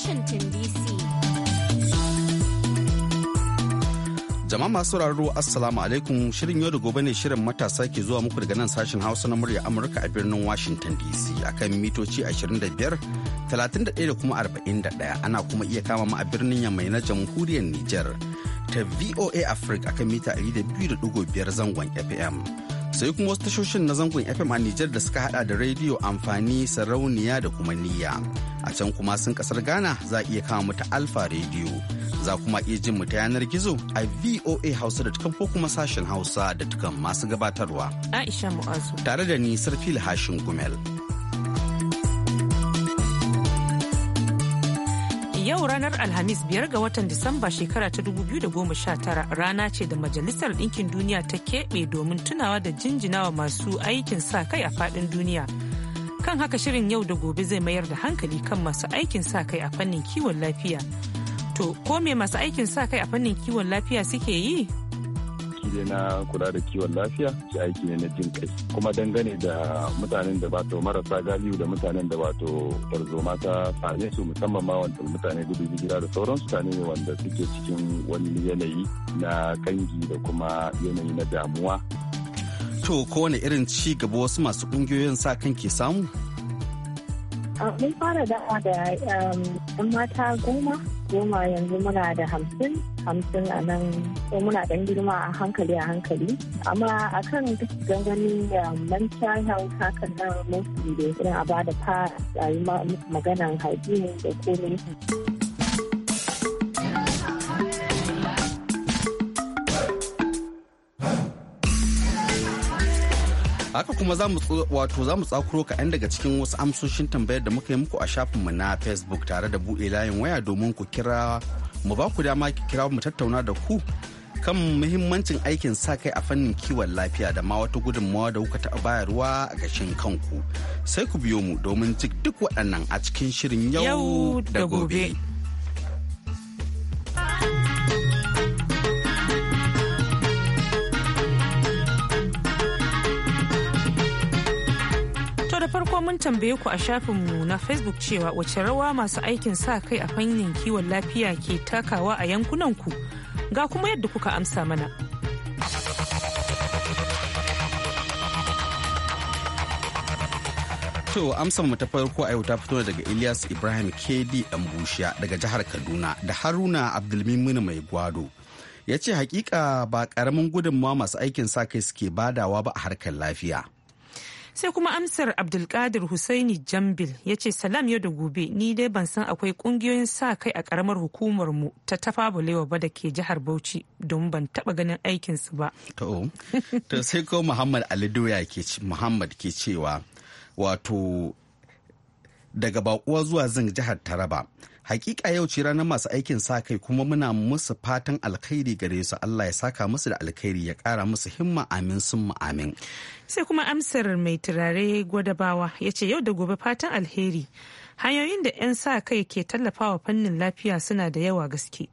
Washington DC. Jama'a masu sauraro Assalamu alaikum shirin yau da gobe ne shirin matasa ke zuwa muku daga nan sashen Hausa na murya Amurka a birnin Washington DC akan mitoci 25 31 da kuma 41 ana kuma iya kama mu a birnin Yamai na jamhuriyar niger ta VOA Africa akan mita 200.5 zangon FM. sai kuma wasu tashoshin na zangon fm a nijar da suka hada da rediyo amfani sarauniya da kuma niyya a can kuma sun kasar ghana za a iya kama ta alfa rediyo za kuma iya jin mu ta yanar gizo a voa hausa da tukan ko kuma sashen hausa da tukan masu gabatarwa aisha mu'azu tare da ni sarfil hashin gumel yau ranar Alhamis biyar ga watan Disamba shekara ta dubu biyu da goma sha tara rana ce da Majalisar Ɗinkin Duniya ta keɓe domin tunawa da jinjinawa masu aikin sa kai a faɗin duniya. Kan haka shirin yau da gobe zai mayar da hankali kan masu aikin sa kai a fannin kiwon lafiya. To, ko me masu aikin sa kai a fannin kiwon lafiya suke yi? aiki ne na kula da kiwon lafiya shi aiki ne na jin kai kuma dangane da mutanen da wato marasa galiyu da mutanen da wato tarzoma ta same su musamman ma wanda mutane gudu hijira da sauran mutane ne wanda suke cikin wani yanayi na kangi da kuma yanayi na damuwa to kowane irin ci gaba wasu masu kungiyoyin sa kan ke samu Ah, mun fara dama da um, yan mata goma goma yanzu muna da hamsin hamsin a nan muna dan girma a hankali a hankali amma akan duk ganganin da um, manta health hakan nan mun da irin a bada fara yayi maganan hygiene da komai haka kuma za mu wato za mu tsakuro kayan daga cikin wasu amsoshin tambayar da muka yi muku a shafinmu na facebook tare da buɗe layin waya domin ku kira mu ba ku dama ki kira mu tattauna da ku kan muhimmancin aikin sa kai a fannin kiwon lafiya da ma wata gudunmawa da kuka taɓa bayarwa a gashin kanku sai ku biyo mu domin duk waɗannan a cikin shirin yau da gobe. tambaye ku a shafinmu na facebook cewa wace rawa masu aikin sa kai a fannin kiwon lafiya ke takawa a yankunanku ga kuma yadda kuka amsa mana To amsa mu ta farko a yau ta fito daga Ilyas Ibrahim KD ambushia daga jihar Kaduna da Haruna Abdulmimini mai gwado. Ya ce hakika ba karamin gudunmawa masu aikin sa kai suke badawa ba a harkar lafiya. sai kuma amsar abdulkadir husaini jambil ya ce salam yau da gobe ni dai ban san akwai kungiyoyin sa kai a karamar hukumar mu ta tafa bolewa ba da ke jihar bauchi don ban taba ganin aikin su ba to sai ko muhammad ali doya muhammad ke cewa wato daga bakuwa zuwa zin jihar taraba hakika yau ce ranar masu aikin sa kai kuma muna musu fatan alkhairi gare su allah ya saka musu da alkhairi ya kara musu himma amin sun amin sai kuma amsar mai turare gwadabawa ya ce yau da gobe fatan alheri hanyoyin da 'yan sa kai ke tallafawa fannin lafiya suna da yawa gaske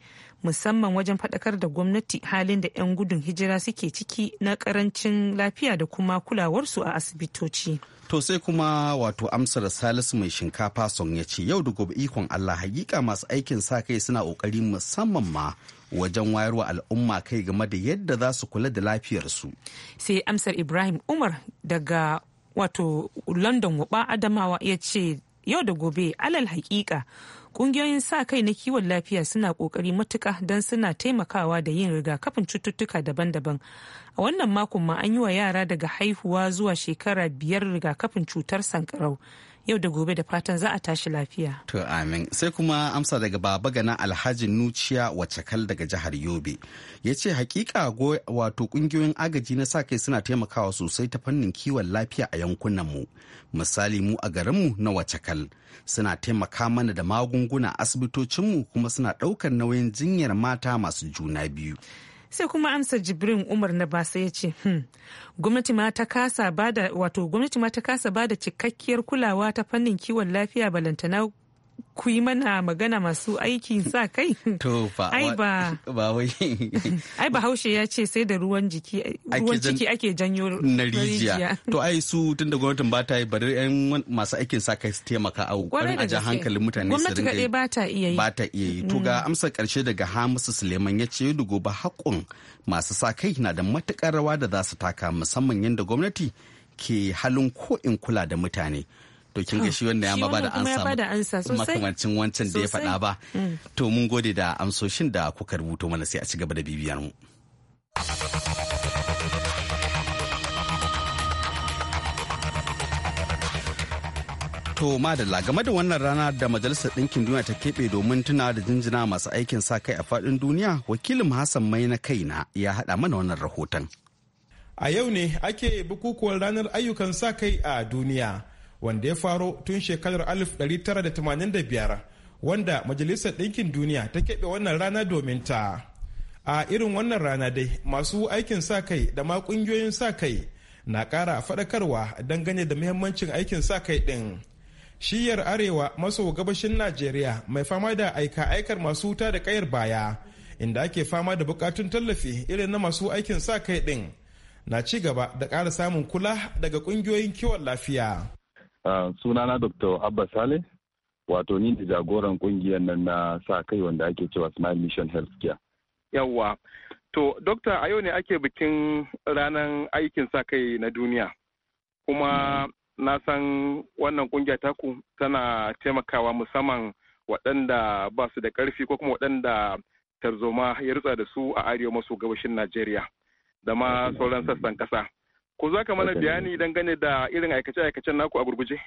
musamman wajen faɗakar da gwamnati halin da 'yan gudun hijira suke ciki na karancin lafiya da kuma kulawarsu a asibitoci. To sai kuma wato amsar Salisu mai shinkafa son ya ce yau da gobe ikon Allah hakika masu aikin sa kai suna kokari musamman ma wajen wayarwa al'umma kai game da yadda za su kula da lafiyarsu. Sai amsar Ibrahim Umar daga wato London Waba Adamawa ya ce yau da gobe alal hakika kungiyoyin sa kai na kiwon lafiya suna kokari matuka don suna taimakawa da yin rigakafin cututtuka daban-daban a wannan makon ma an yi wa yara daga haihuwa zuwa shekara biyar rigakafin cutar sankarau yau da gobe da fatan za a tashi lafiya. To amin. Sai kuma amsa daga baba gana Alhaji Nuciya kal daga jihar Yobe. Ya ce hakika wato kungiyoyin agaji na sa kai suna taimakawa sosai ta fannin kiwon lafiya a yankunan mu. Misali mu a garinmu na kal suna taimaka mana da magunguna asibitocin mu kuma suna ɗaukar nauyin jinyar mata masu juna biyu. sai kuma amsa jibrin umar na basa ya ce hmm, gwamnati ma ta kasa ba da cikakkiyar kulawa ta fannin kiwon lafiya balantana ku yi mana magana masu aiki sa kai? To ba ai ba wai. ai ba haushe ya ce sai da ruwan jiki ruwan ciki ake janyo na rijiya. To ai su tun da gwamnatin ba ta yi bari yan masu aikin sa kai su taimaka a bari a jan hankalin mutane su rinka ba ta iya yi. Ba ta iya yi. To ga mm. amsar karshe daga Hamisu Suleiman ya ce dugo ba haƙun masu sa kai na da matukar rawa da za su taka musamman yadda gwamnati ke halin ko in kula da mutane. to kin ga shi wanda ya ma da ansa makamancin wancan da ya faɗa ba mm. to mun gode da amsoshin da kuka rubuto mana sai a ci gaba da bibiyar mu To madalla game da wannan rana da Majalisar Ɗinkin Duniya ta keɓe domin tuna da jinjina masu aikin sa kai a faɗin duniya, wakilin Hassan Mai na kaina ya haɗa mana wannan rahoton. A yau ne ake bukukuwar ranar ayyukan sa kai a duniya. wanda ya faro tun shekarar 1985 wanda majalisar ɗinkin duniya ta keɓe wannan rana domin ta a irin wannan rana dai masu aikin sa kai da ma ƙungiyoyin sa kai na ƙara faɗakarwa dangane da muhimmancin aikin sa kai ɗin shiyar arewa maso gabashin najeriya mai fama da aika aikar masu wuta da ƙayar baya inda ake fama da buƙatun tallafi irin na masu aikin sa kai ɗin na ci gaba da ƙara samun kula daga ƙungiyoyin kiwon lafiya sunana dr abba sale wato ni da jagoran kungiyar nan na sa kai wanda ake cewa smile mission healthcare yawwa to dokta a yau ne ake bikin ranar aikin sa kai na duniya kuma na san wannan kungiya taku tana taimakawa musamman waɗanda ba su da ƙarfi ko kuma waɗanda tarzoma ya rutsa da su a arewa maso gabashin najeriya da ma sauran sassan ƙasa Ko za ka mana bayani dangane da irin aikace-aikacen naku a gurguje?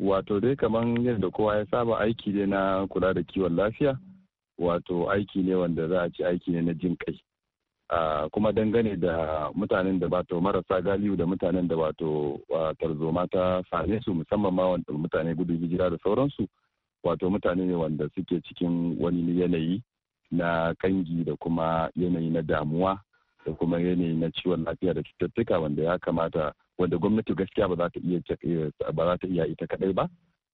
Wato dai kamar yadda kowa ya saba aiki ne na kula da kiwon lafiya, wato aiki ne wanda za a ci aiki ne na jin kai. kuma dangane da mutanen da wato marasa galiu da mutanen da wato tarzoma ta same su musamman ma wanda mutane gudu hijira da sauransu wato mutane ne wanda suke cikin wani yanayi na kangi da kuma yanayi na damuwa da kuma yanayi na ciwon lafiya da cututtuka wanda ya kamata wanda gwamnati gaskiya ba za ta iya ba za ta iya ita kadai ba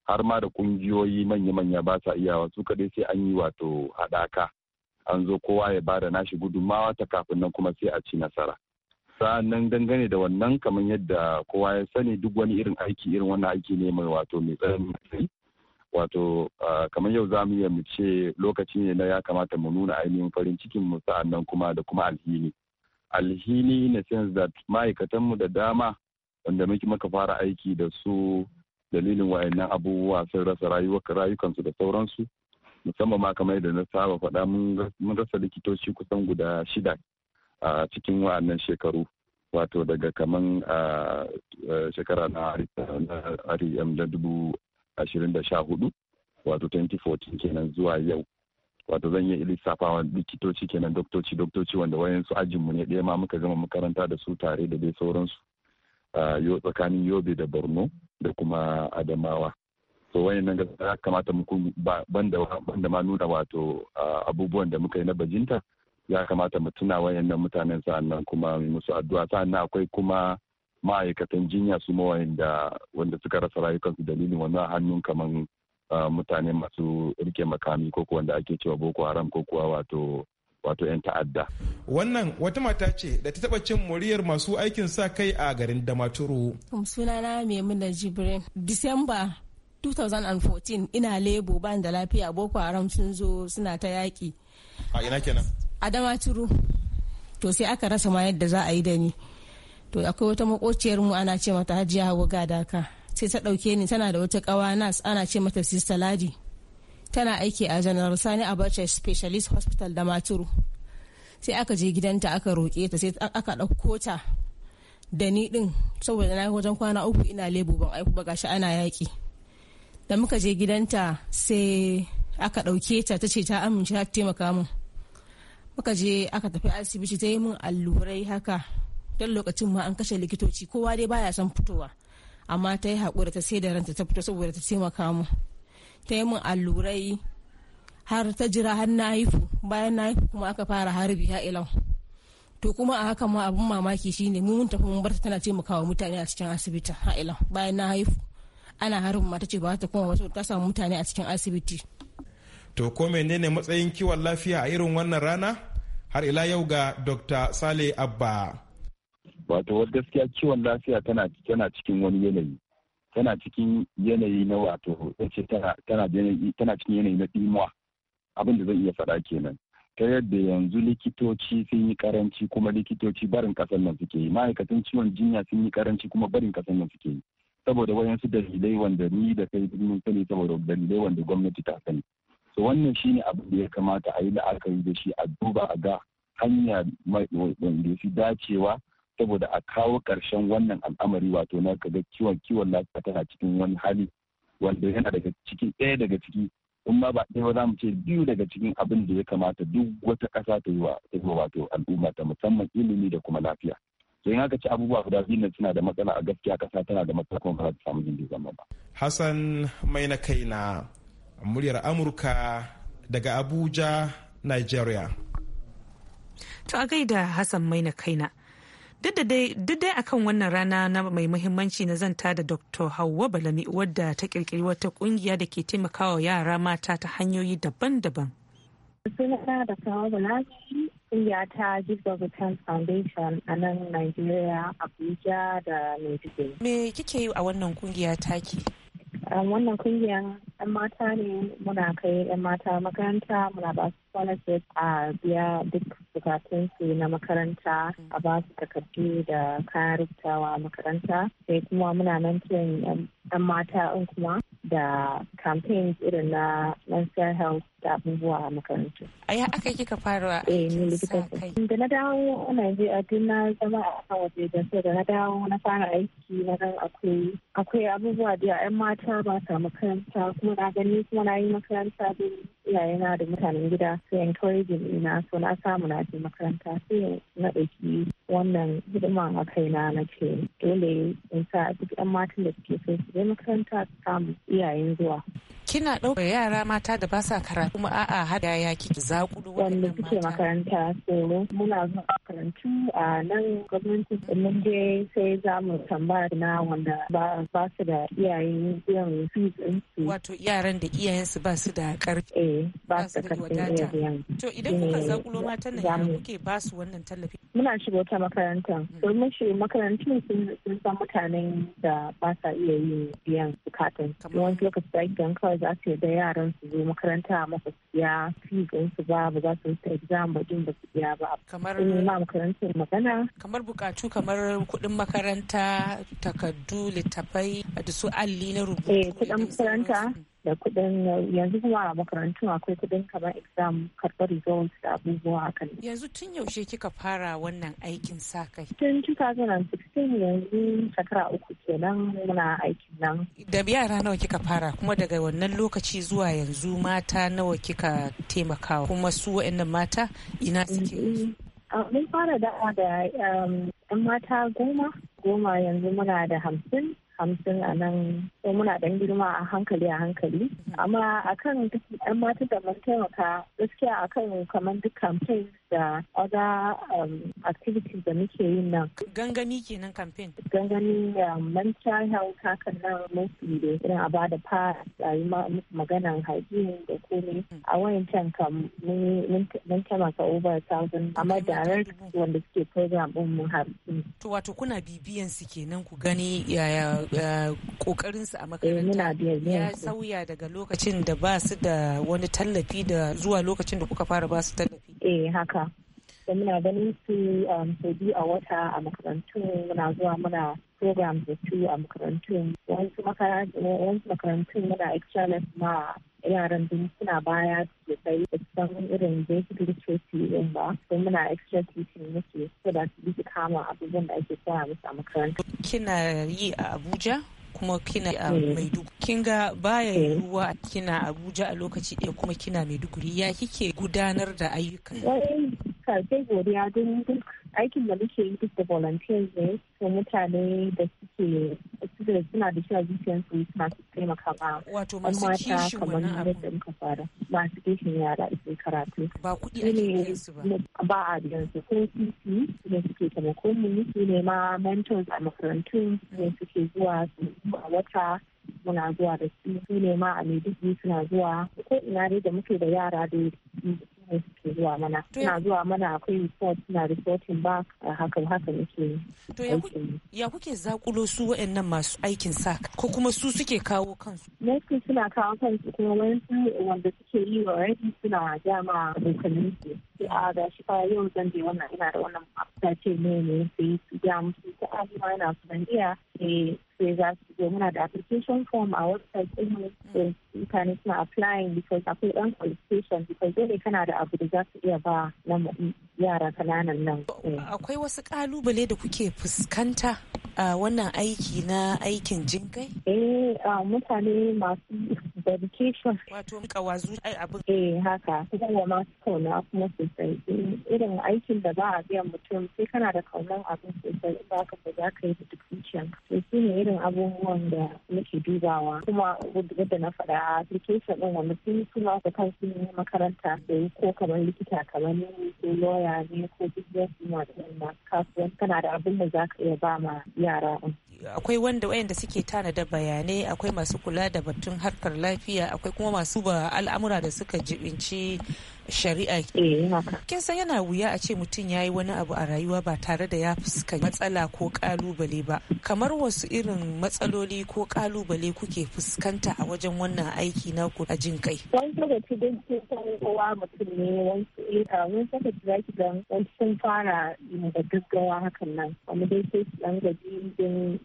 har ma da kungiyoyi manya-manya ba sa iyawa su kadai sai an yi wato haɗaka an zo kowa ya bada nashi gudunmawa ta kafin nan kuma sai a ci nasara nan dangane da wannan kamar yadda kowa ya sani duk wani irin aiki irin wannan aiki ne mai wato mai tsarin wato kamar yau za mu iya mu ce lokaci ne na ya kamata mu nuna ainihin farin cikin mu nan kuma da kuma alhini alhini in a sense that ma'aikatanmu da dama wanda muke maka fara aiki da su dalilin wayannan abubuwa sun rasa rayukansu da sauransu musamman ma kamar yadda na saba faɗa mun rasa likitoci kusan guda shida a cikin wa'annan shekaru wato daga kaman shekara na ariyam da dubu ashirin da sha hudu wato 2014 kenan zuwa yau wato zan iya lissafawa likitoci kenan doktoci doktoci wanda ajin ajinmu ne ɗaya ma muka gama makaranta da su tare da dai sauransu tsakanin yobe da borno da kuma adamawa to wayannan gaskiya kamata mu banda ma nuna wato abubuwan da muka yi na bajinta ya kamata mu tuna nan mutanen sa'annan kuma mu musu addu'a sa'annan akwai kuma ma'aikatan jinya su ma wanda suka rasa rayukansu dalilin wannan hannun kaman mutane masu rike makami ko wanda ake cewa boko haram ko kuwa wato wato 'yan ta'adda. Wannan wata mata ce da ta taba cin muryar masu aikin sa kai a garin Damaturu. Sunana da Jibrin. Disamba 2014 ina lebo ban da lafiya Boko Haram sun zo suna ta yaƙi. A ina kenan? A Damaturu. To sai aka rasa ma yadda za a yi da ni. To akwai wata makociyar mu ana ce mata Hajiya Hawa Gadaka. sai ta ɗauke ni tana da wata ƙawa nas ana ce mata sister ladi tana aiki a janar sani abacha specialist hospital da maturu sai aka je gidanta aka roƙe ta sai aka ɗauko ta da ni ɗin saboda na wajen kwana uku ina lebo ban aiku ba gashi ana yaƙi da muka je gidanta sai aka ɗauke ta ta ce ta amince ta taimaka min muka je aka tafi asibiti ta yi min allurai haka don lokacin ma an kashe likitoci kowa dai baya son fitowa amma ta yi haƙura ta sai da ranta ta fito saboda ta taimaka mu ta yi min allurai har ta jira har na haifu bayan na haifu kuma aka fara harbi ha ilau to kuma a haka ma abin mamaki shine mu mun tafi mun barta tana taimakawa mutane a cikin asibiti ha ilau bayan na haifu ana harbin ma ta ce ba ta kuma wasu ta samu mutane a cikin asibiti to ko menene matsayin kiwon lafiya a irin wannan rana har ila yau ga dr sale abba wato gaskiya kiwon lafiya tana cikin wani yanayi tana cikin yanayi na wato yace tana cikin yanayi na dimuwa abin da iya faɗa kenan ta yadda yanzu likitoci sun yi karanci kuma likitoci barin ƙasar nan suke yi ma'aikatan ciwon jinya sun yi karanci kuma barin kasan nan suke yi saboda wayansu dalilai wanda ni da kai mun sani saboda dalilai wanda gwamnati ta sani so wannan shine abin da ya kamata a yi la'akari da shi a duba a ga hanya wanda ya fi dacewa saboda a kawo ƙarshen wannan al'amari wato na kaga kiwon kiwon lafiya tana cikin wani hali wanda yana daga cikin ɗaya daga ciki in ma ba ɗaya ba za mu ce biyu daga cikin abin da ya kamata duk wata ƙasa ta yi wa wato al'umma ta musamman ilimi da kuma lafiya to in aka ci abubuwa guda biyu nan suna da matsala a gaskiya ƙasa tana da matsala kuma ba za ta samu jin zama ba. Hassan mai na kai na muryar Amurka daga Abuja, Nigeria. To a gaida Hassan mai na kaina. duk dai akan wannan rana na mai muhimmanci na zanta da dr hauwa balami wadda ta kirkiri wata kungiya da ke taimakawa yara mata ta hanyoyi daban-daban sunana da kawo bulami kungiya ta Jigsaw Foundation a nan Nigeria, Abuja da Maiduguri. Me kike yi a wannan kungiya ke. Um, wannan kungiyar 'yan mata ne muna kai 'yan mata makaranta muna ba su scholarship a biya duk bukatunsu na makaranta a ba su takardu da kayan rubutawa makaranta sai kuma muna nan 'yan mata in kuma da campaigns irin na menstrual health da abubuwa a makarantu. A aka yi kika fara a eh, aikin Da na dawo Najeriya tun na zama a kan waje da so da na dawo na fara aiki na nan akwai akwai abubuwa da 'yan mata ba sa makaranta kuma na gani kuma na yi makaranta da iyayena da mutanen gida su encouraging ina so na samu na je makaranta sai na ɗauki wannan hidiman a kaina na ce dole in sa duk 'yan matan da suke so su je makaranta su samu iyayen zuwa kina ɗaukar yara mata da ba sa karatu kuma a'a hada ya kike zakudu wanda kike makaranta tsoro muna zuwa makarantu a nan gwamnati mun je sai za mu tambaya na wanda ba su da iyayen biyan fees su wato yaran da iyayen su ba su da karfi eh ba su da biyan. to idan kuka zakulo matan nan ya kuke ba su wannan tallafi muna shiga wata makaranta hmm. domin shi makarantun sun san mutanen da ba sa iya yin biyan bukatun wani lokaci da gidan kawai ba za su yadda yaran su zo makaranta a masa su biya fees su ba ba za su wuce exam ba din ba su biya ba kamar ma makarantar magana kamar bukatu kamar kuɗin makaranta takardu littafai da su alli na rubutu eh kuɗin makaranta da kudin yanzu kuma a makarantun akwai kudin kamar exam karɓar results da abubuwa kan Yanzu tun yaushe kika fara wannan aikin sa kai? Tun 2016 yanzu shekara uku kenan muna aikin nan. Da yara nawa kika fara kuma daga wannan lokaci zuwa yanzu mata nawa kika taimakawa kuma su wa'annan mata ina suke? Mun fara da'a da um, 'yan mata goma, goma yanzu muna da hamsin hamsin a nan so muna dan girma a hankali a hankali amma akan yan mata da mun taimaka gaskiya akan kamar duk campaign da oda um, activities da muke yin nan gangani kenan campaign gangani um, mental health hakan nan mostly da irin a bada fa a yi maganan hygiene da komai hmm. a wayancan kam mun taimaka over thousand amma direct wanda suke program din mu har to wato kuna bibiyan su kenan ku gani yaya kokarin eh, su a makaranta ya sauya daga lokacin da ba su da wani tallafi da zuwa lokacin da kuka fara ba su tallafi eh haka da muna ganin su um, sau biyu a wata a makarantun muna zuwa muna program da su a makarantun wasu makarantun muna extra ma yaran din suna baya da sai da san irin basic literacy din ba don muna extra teaching muke so da su bisa kama abubuwan da ake koya musu a makaranta. Kina yi a Abuja? kuma kina a eh. Maiduguri. Kin ga baya eh. yiwuwa kina Abuja a lokaci ɗaya kuma kina Maiduguri ya kike gudanar da ayyukan? Karfe sai godiya don duk aikin da muke yi duk da volunteers ne ko mutane da suke suke suna da shi a su suna taimaka ba, wato masu kishin wani abu fara masu kishin yara su karatu ba kudi a cikin ba ba a biyan su ko sisi ne suke taimako mu su ne ma mentors a makarantu ne suke zuwa su a wata muna zuwa da su su ne ma a duk suna zuwa ko ina dai da muke da yara da ne zuwa mana suna zuwa mana akwai report na reporting ba hakan hakan yake to ya kuke zakulo su waɗannan masu aikin sa ko kuma su suke kawo kansu ne suna kawo kansu kuma wani wanda suke yi wa suna dama abokanin su a ah, ga shi fa yau zan je wannan ina da wannan ta ce ne ne sai ya ta ah, ma yana su ban iya sai za su je muna da application form a website din mu mutane suna applying because akwai ɗan qualification because dole kana da abu da za su iya ba na yara kananan nan. Akwai wasu kalubale da kuke fuskanta a wannan aiki na aikin jinkai? Eh mutane masu dedication. Wato kawazu abu. Eh haka kuma masu kauna kuma sosai. Eh, irin aikin da ba a biyan mutum sai kana da kaunan abin sosai ba ka ba za ka yi da duk zuciyanka. To shi ne irin abubuwan da muke dubawa kuma yadda na faɗa a application ɗin wanda sun suna da kan makaranta da yi ko kamar likita kamar ne ko lawyer ne ko business ma da kasuwan kana da abin da za ka iya ba ma yara akwai wanda wayanda suke tana da bayanai akwai masu kula da batun harkar lafiya akwai kuma masu ba al'amura da suka jibinci shari'a eh, kin san yana wuya a ce mutum ya yi wani abu a rayuwa ba tare da ya fuskanci matsala ko kalubale ba kamar wasu irin matsaloli ko kalubale kuke fuskanta a wajen wannan aiki na ku a jin kai wani lokaci don ke kowa mutum ne wani wani lokaci za ga wani sun fara da gaggawa hakan nan wani dai sai su dan gaji don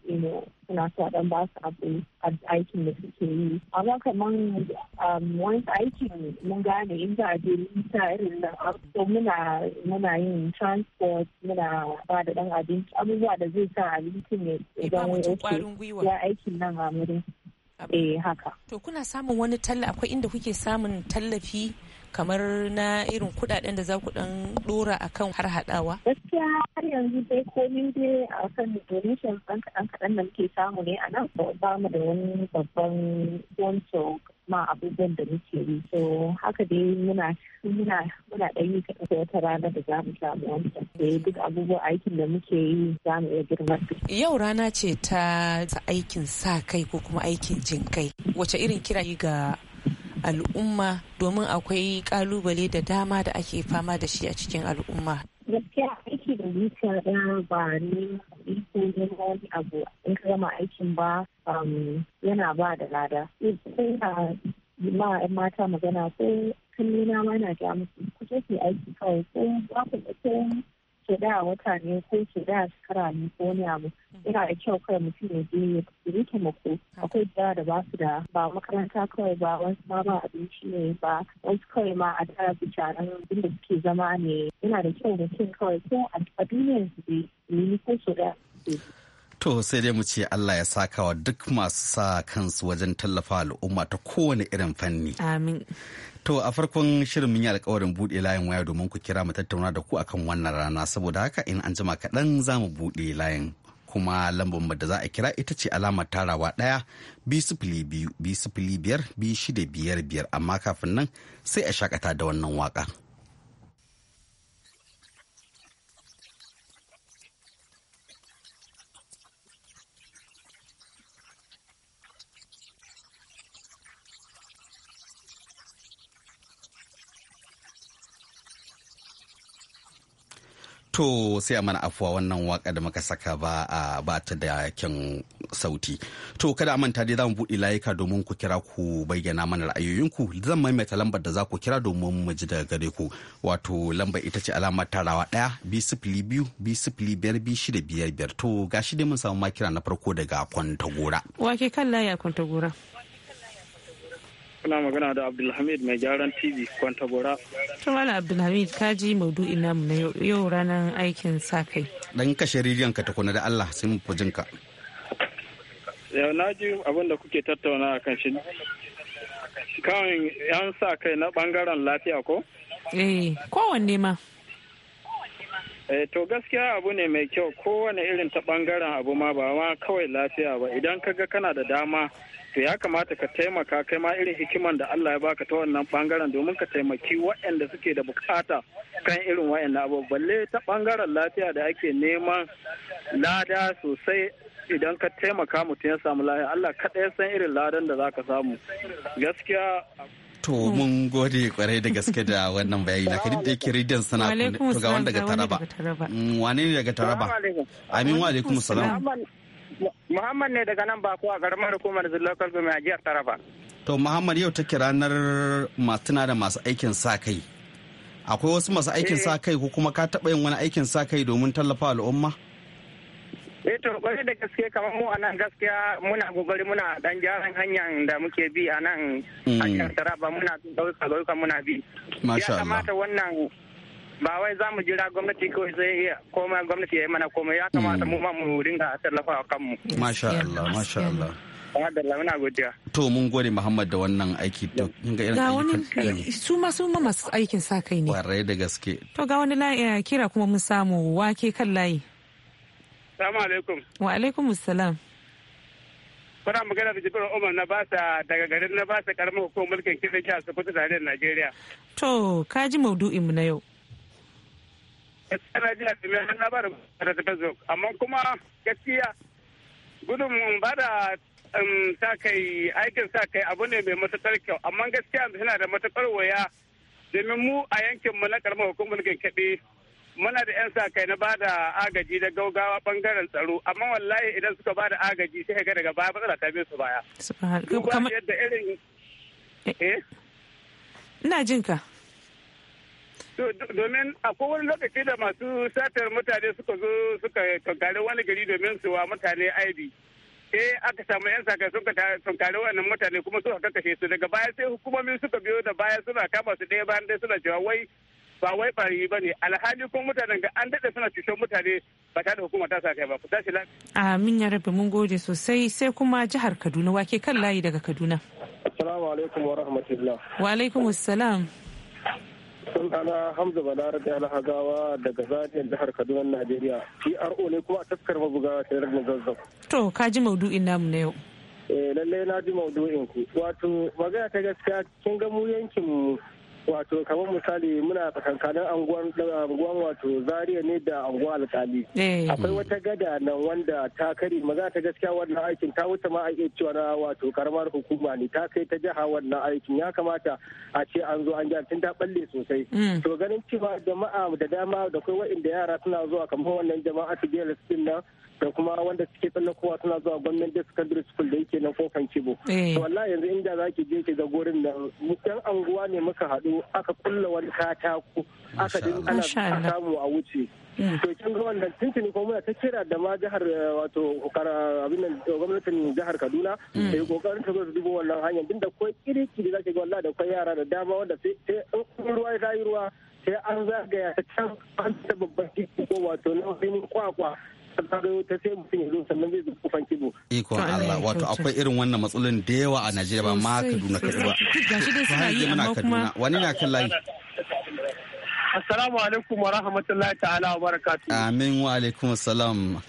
suna so dan ba su abu a aikin da suke yi amma kamar um, wani aikin mun gane in za a je ta irin nan so muna yin transport muna ba da dan abinci abubuwa da zai sa abincin ne idan ya aikin nan a eh haka to kuna samun wani tallafi akwai inda kuke samun tallafi kamar na irin kudaden da za ku dan dora kan har hadawa gaskiya har yanzu dai komin dai kan donation ɗan kaɗan kaɗan da muke samu ne a nan ba mu da wani babban wancan ma abubuwan da muke yi so haka dai muna muna muna ɗan yi kaɗan wata rana da za mu samu wancan da duk abubuwan aikin da muke yi za mu iya girma yau rana ce ta aikin sa kai ko kuma aikin jin kai wace irin kira ga al'umma domin akwai kalubale da dama da ake fama da shi a cikin al'umma. gaskiya aiki da zuciya ɗaya ba ne kuɗi ko neman wani abu in ka gama aikin ba um, yana ba da lada. Sai na ma mata magana ko kallina ma na ga musu ku je aiki kawai ko ba ku da ko da wata ne ko da shekara ne ko wani abu. yana mm. da kyau kawai mutum ya je ya kuri mako akwai da da ba su da ba makaranta kawai ba wasu ma ba abinci ne ba wasu kawai ma a tara bicaran inda suke zama ne yana da kyau mutum kawai ko a duniyar su dai ne ko su da To sai dai mu ce Allah ya saka wa duk masu sa kansu wajen tallafa al'umma ta kowane irin fanni. Amin. To a farkon shirin mun yi alkawarin buɗe layin waya domin ku kira mu tattauna da ku akan wannan rana saboda haka in an jima kaɗan za mu buɗe layin kuma lambar da za a kira ita ce alamar tarawa ɗaya biyu sifili biyar biyu shida biyar biyar amma kafin nan sai a shakata da wannan waka. To sai a mana afuwa wannan waka da muka saka ba a ba ta da kyan sauti. To kada manta dai za mu buɗe layuka domin ku kira ku bayyana mana ra'ayoyinku zan maimaita lambar da za ku kira domin mu ji daga gare ku. Wato lambar ita ce alamar tarawa ɗaya bi sifili biyu bi sifili biyar bi shida biyar biyar to gashi dai mun samu makira na farko daga kwantagora. Wake kan laya kwantagora. Kuna magana da Abdulhamid mai gyaran TV kwanta gora. Tumala Abdulhamid ka ji maudu'in namu na yau ranar aikin sa kai. Dan kashe rediyon ka tukuna da Allah sai mu fi Yau na ji abin da kuke tattauna a kan shi. Kawai yan sa kai na bangaren lafiya ko? Eh, kowanne ma. Eh, to gaskiya abu ne mai kyau kowane irin ta bangaren abu ma ba ma kawai lafiya ba idan ka ga kana da dama to ya kamata ka taimaka kai ma irin hikiman da Allah ya baka ta wannan bangaren domin ka taimaki waɗanda suke da bukata kan irin waɗanda abu balle ta bangaren lafiya da ake neman lada sosai idan ka taimaka mutum ya samu lafiya Allah kaɗai san irin ladan da za ka samu gaskiya to hmm. mun gode kwarai da gaske da wannan bayani na kadi da yake ridan sana ku ga wanda daga taraba hmm, wane ne daga taraba amin wa alaikum salam muhammad ne daga nan ba ko a karamar hukumar zillokal gumi a jihar taraba to muhammad yau take ranar masu da masu aikin sa kai akwai wasu masu aikin sa eh. kai ko kuma ka taɓa yin wani aikin sa kai domin tallafa al'umma? eh to kwarai da gaske kamar mu a nan gaskiya muna gogari muna dan jaran hanyar da muke bi a nan mm. hanyar taraba muna ɗauka ɗauka muna bi ya kamata wannan ba wai za mu jira gwamnati ko sai koma gwamnati ya yi mana komai ya kamata mu mm. ma mu ringa tallafa a kanmu. Masha Allah, masha Allah. muna To mun gode Muhammad da wannan aiki to ga wani su ma su ma masu aikin sa kai ne. Kwarai da gaske. To ga wani eh, kira kuma mun samu wake kan layi. Assalamu alaikum. Wa alaikum assalam. Kuna magana da Jibril Umar na basa daga garin na basa karamar hukumar mulkin kiɗan jihar Sokoto tarayyar Najeriya. To, ka ji maudu'in mu na yau. Gaskiya jihar Sokoto har na ba da ta Facebook amma kuma gaskiya gudun ba da um, sa kai aikin sa kai abu ne mai matuƙar kyau amma gaskiya yana da matuƙar waya domin mu a yankinmu na karamar hukumar mulkin kiɗi muna da 'yan sa kai na bada agaji da gaugawa bangaren tsaro amma wallahi idan suka bada agaji sai ga daga baya matsala ta su baya yadda irin eh. Eh? ina jin ka domin akwai wani lokaci da masu satar mutane suka zo suka tunkari wani gari domin su wa mutane aibi eh aka samu yan saka suka tunkari wannan mutane kuma suka kakashe su daga baya sai hukumomin suka biyo da baya suna kama su ɗaya bayan dai suna cewa wai ba wai bari ba ne alhali kuma mutanen ga an daɗe suna cutar mutane ba tare da hukuma ta sa kai ba ku tashi lafiya. amin ya rabu mun gode sosai sai kuma jihar kaduna wake kan layi daga kaduna. assalamu alaikum wa rahmatullah. wa alaikum assalam. sunana hamza da alhagawa daga zajin jihar kaduna najeriya pro ne kuma a taskar mabuga ta yarda zazzau. to ka ji maudu'in namu na yau. Eh, lallai na ji maudu'in ku wato magana ta gaskiya kin ga mu yankin mu wato kamar misali muna tsakankanin anguwan wato zaria ne da anguwan alkali eh. akwai wata gada nan wanda ta kari maza ta gaskiya wannan aikin ta wuce ma a iya cewa na wato karamar hukuma ne ta kai ta jiha wannan aikin ya kamata a ce an zo an gyara tun ta balle sosai mm. to ganin cewa jama'a da dama da kai wa'inda yara suna zuwa kamar wannan jama'a su biyar din nan da kuma wanda suke tsallakowa suna zuwa gwamnati secondary school da yake nan kofan kibo eh. to wallahi yanzu inda zaki je ki ga gurin nan mu anguwa ne muka haɗu aka kulla wani katako aka din ana samu a wuce hmm. to kin ga wannan tuntuni ko muna ta kira da ma jihar eh, wato abin nan gwamnatin jihar Kaduna da hmm. yi kokarin ta zo su dubo wannan hanyar din da ko kiriki da zaki ga wallahi da kai yara da dama wanda sai ruwa ya ruwa sai an zagaya ta can an ta babban ko wato na kwakwa ta sai mutum ya zo sannan zai zo kufan Ikon Allah eh, wato akwai irin wannan matsalolin da yawa a Najeriya ba ma Kaduna kaɗai ba. Gashi dai suna yi amma kuma. Wani na kan layi. Assalamu alaikum wa rahmatullahi ta'ala wa Amin wa alaikum salam.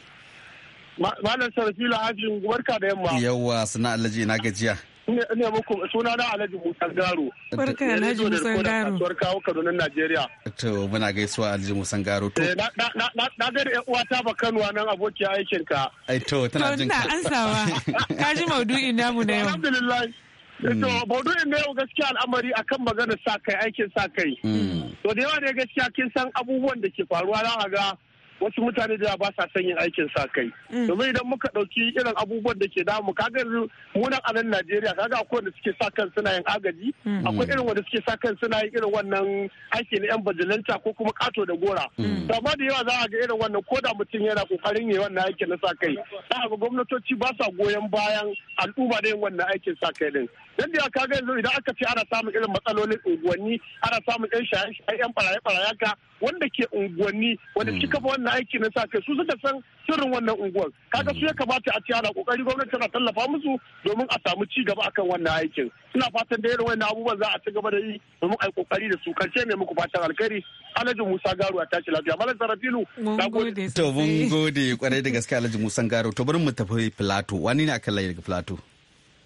Malam Sarfila barka da yamma. Yawwa suna alaji na gajiya. ne muku suna na Alhaji Musa Garo. Barka Alhaji Musa Garo. Kasuwar kawo Kaduna Najeriya. To muna gaisuwa Alhaji Musa Garo. To eh, na ga da ta ba Kanuwa nan aboki aikin ka. Ai to tana jin ka. To ina ansawa. Ka ji maudu'in namu na yau. Alhamdulillah. Eh, to mm. maudu'in na yau gaskiya al'amari akan magana sa kai aikin sa kai. Mm. To da yawa ne gaskiya kin san abubuwan da ke faruwa za ga wasu mutane da ba sa son yin aikin sa kai mm. domin idan muka ɗauki irin abubuwan da ke damu kaga nan a nan Najeriya kaga akwai wanda suke sa kan suna yin agaji mm. akwai mm. irin wanda suke sa kan suna yin irin wannan aiki na yan bajilanta ko kuma kato da gora to amma da yawa za a ga irin wannan ko da mutum yana kokarin yin wannan aikin na sa kai za ga gwamnatoci ba sa goyon bayan al'umma da yin wannan aikin sa kai din dan ka ga yanzu idan aka ce ana samun irin matsalolin unguwanni ana samun yan shaye yan baraye baraye ka wanda ke unguwanni wanda suka fa wannan aiki na sa kai su suka san sirrin wannan unguwar kaga su ya kamata a ce ana kokari gwamnati tana tallafa musu domin a samu ci gaba akan wannan aikin ina fatan da irin wannan abubuwan za a ci gaba da yi domin a yi kokari da su karshe ne muku fatan alkhairi Alhaji Musa Garu a tashi lafiya Malam Sarafilu na gode to mun gode kwarai da gaske Alhaji Musa Garu to bari mu tafi Plateau wani ne aka layi daga Plateau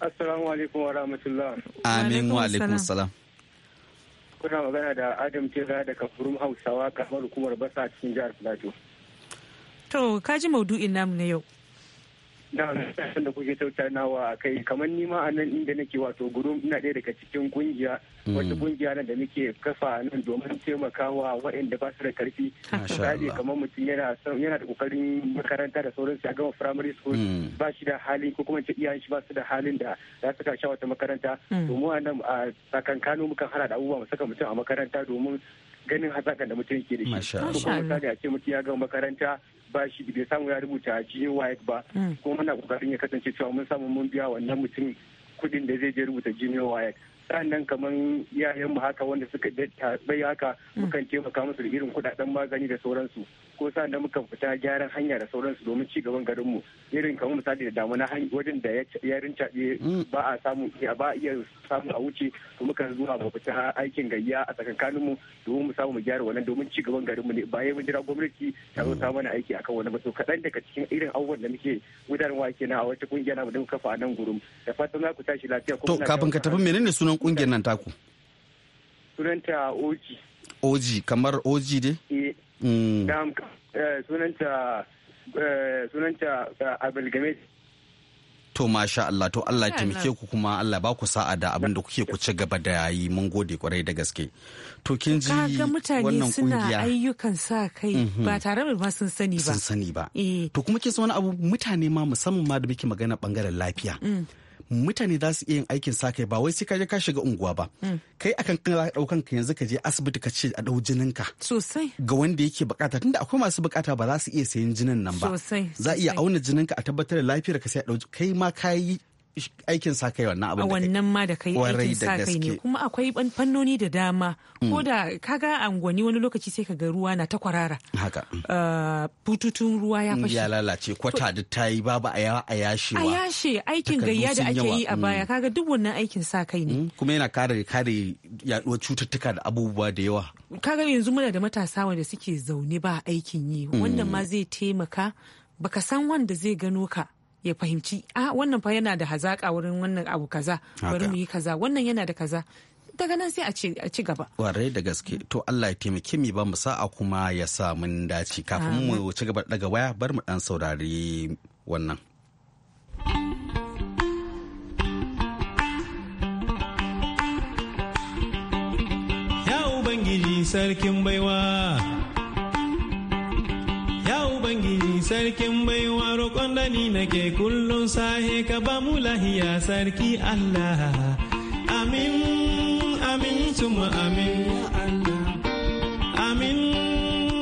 Assalamu alaikum wa rahmatullah. Amin wa alaikum salam. Kuna magana da Adam Tera da kafurum Hausawa kamar hukumar basa cikin jihar Plateau. To, ka ji maudu'in namu na yau. na san da kuke tautanawa a kai kamar ni ma a nan inda nake wato guru ina ɗaya daga cikin kungiya hmm. wata kungiya nan da muke kafa nan domin taimakawa waɗanda ba su da karfi misali kamar mutum yana yana da kokarin makaranta da sauransu ya gama primary school hmm. ba shi da hali ko kuma iyayen shi ba su da halin da za su kashe wata makaranta domin hmm. a nan a tsakankano muka hana da abubuwa mu saka mutum a makaranta domin ganin hazakan da mutum ke da shi. Ko kuma misali a ce mutum ya gama makaranta ba shi bai samu ya rubuta white ba hmm. kuma muna kokarin ya kasance cewa mun samu mun biya wannan mutum kuɗin da zai je rubuta GAYX sannan kamar yayan mu haka wanda suka bai haka hmm. mukan taimaka musu da irin kudaden magani da sauransu ko sa'an da muka fita gyaran hanya da sauransu domin ci gaban garinmu irin kamar misali da damuna wajen da ya rinca mm. ba a samu ba iya samu a wuce to muka zuwa mu fita aikin gayya a mu domin mu samu mu gyara wannan domin ci gaban garinmu ne bayan mun jira gwamnati ta zo ta mana aiki akan wani ba to kaɗan daga cikin irin abubuwan da muke gudanarwa kenan a wata kungiya na da muka kafa nan gurum da fatan za ku tashi lafiya to kafin ka tafi menene sunan kungiyar nan taku sunanta oji oji kamar oji dai Mm. Eh, sunanta eh, sunanta eh, abulgamet to masha Allah to Allah taimake ku kuma Allah ba ku sa'a da abin da kuke ku ci gaba da yi mun gode kwarai da gaske to kin ji wannan kungiya suna ayyukan sa kai mhm. ba tare da ma sun sani ba sun sani ba to kuma kin san wani abu mutane ma musamman ma da muke magana bangaren lafiya mm. mutane za su iya yin aikin sa kai ba wai sai ka je ka shiga unguwa ba hmm. kai akan kana daukan ka yanzu ka je asibiti ka ce a dau jinin ka sosai ga wanda yake bukata tunda akwai masu bukata ba za su iya sayan jinin nan ba sosai za iya auna jinin ka a tabbatar da lafiyar ka sai a dau kai ma kayi. aikin sa kai wannan abin da wannan ma da kai aikin sa kai ne kuma akwai fannoni da dama mm. ko da kaga angwani wani lokaci sai kaga ruwa na ta kwarara haka uh, bututun ruwa ya fashe ya lalace kwata duk ta yi babu a yashewa a yashe aikin gayya da ake yi a mm. baya kaga duk wannan aikin sa kai ne mm. kuma yana kare kare yaduwar cututtuka da abubuwa da yawa kaga yanzu muna da matasa wanda suke zaune ba aikin yi wannan ma zai taimaka baka san wanda zai gano ka ya fahimci a wannan fa yana da hazaƙa wurin wannan abu kaza bari mu yi kaza wannan yana da kaza daga nan sai a ci gaba. ware da gaske to Allah ya taimake mu ba mu sa'a kuma ya sa mun dace kafin mu ci gaba daga waya bar mu dan saurari wannan. Ya Ubangiji sarkin baiwa Ya Ubangiji sarkin baiwa na nake kullum sahe ka ba mu lahiya sarki Allah amin amin suma amin ya amin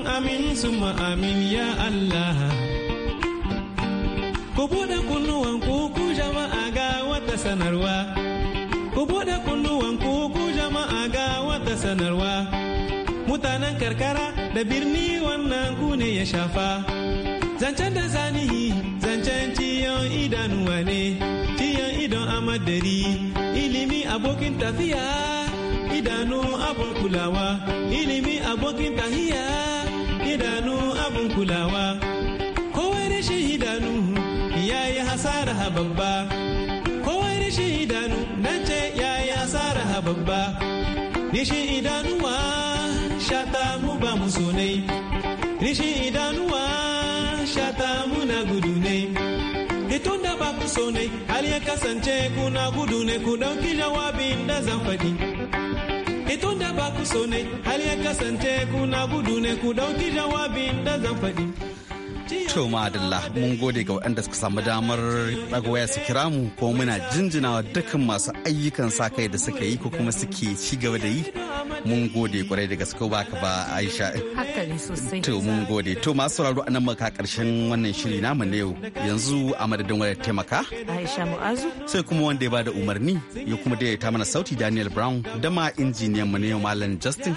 amin suma amin ya Allah ku bude kunnuwan ku ku jama'a ga wata sanarwa ku bude kunnuwan ku ku jama'a ga wata sanarwa mutanen karkara da birni wannan ku ne ya shafa zancen da zanihi zancen ciyon idan wane ciyon idan amadari ilimi abokin tafiya idanu abun kulawa ilimi abokin tahiya idanu abun kulawa kowai rashin idanu ya yi hasara babba kowai rashin idanu nan ce ya yi hasara babba rashin idanuwa shata mu ba mu sonai rashin idanuwa shata muna gudu ne tunda ba ku so ne hali ya kasance kuna gudu ne ku dauki jawabin da zan faɗi tunda ba ku so ne hali ya kasance kuna gudu ne ku dauki jawabin da zan faɗi To Adalla mun gode ga waɗanda suka samu damar waya su kira mu ko muna jinjinawa dukkan masu ayyukan sa kai da suka yi ko kuma suke ci gaba da yi. Mun gode kwarai da gaske ba ka ba Aisha. To mun gode. To masu sauraro anan nan maka karshen wannan shiri na na yau. Yanzu a madadin wayar taimaka. Aisha Mu'azu. Sai kuma wanda ya bada umarni ya kuma ta mana sauti Daniel Brown da ma injiniyan mu ne Malam Justin.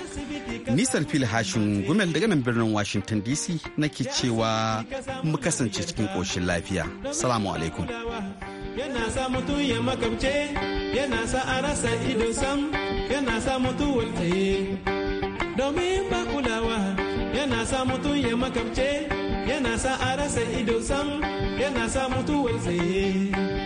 Nisar fil hashin gumel daga nan birnin Washington DC nake cewa mu kasance cikin ƙoshin lafiya. Salamu alaikum. Yana sa mutum ya makamce, yana sa a rasa ido sam, yana sa mutum waltaye. Domin ba kulawa, yana sa mutum ya makamce, yana sa a rasa ido sam, yana sa mutum waltaye.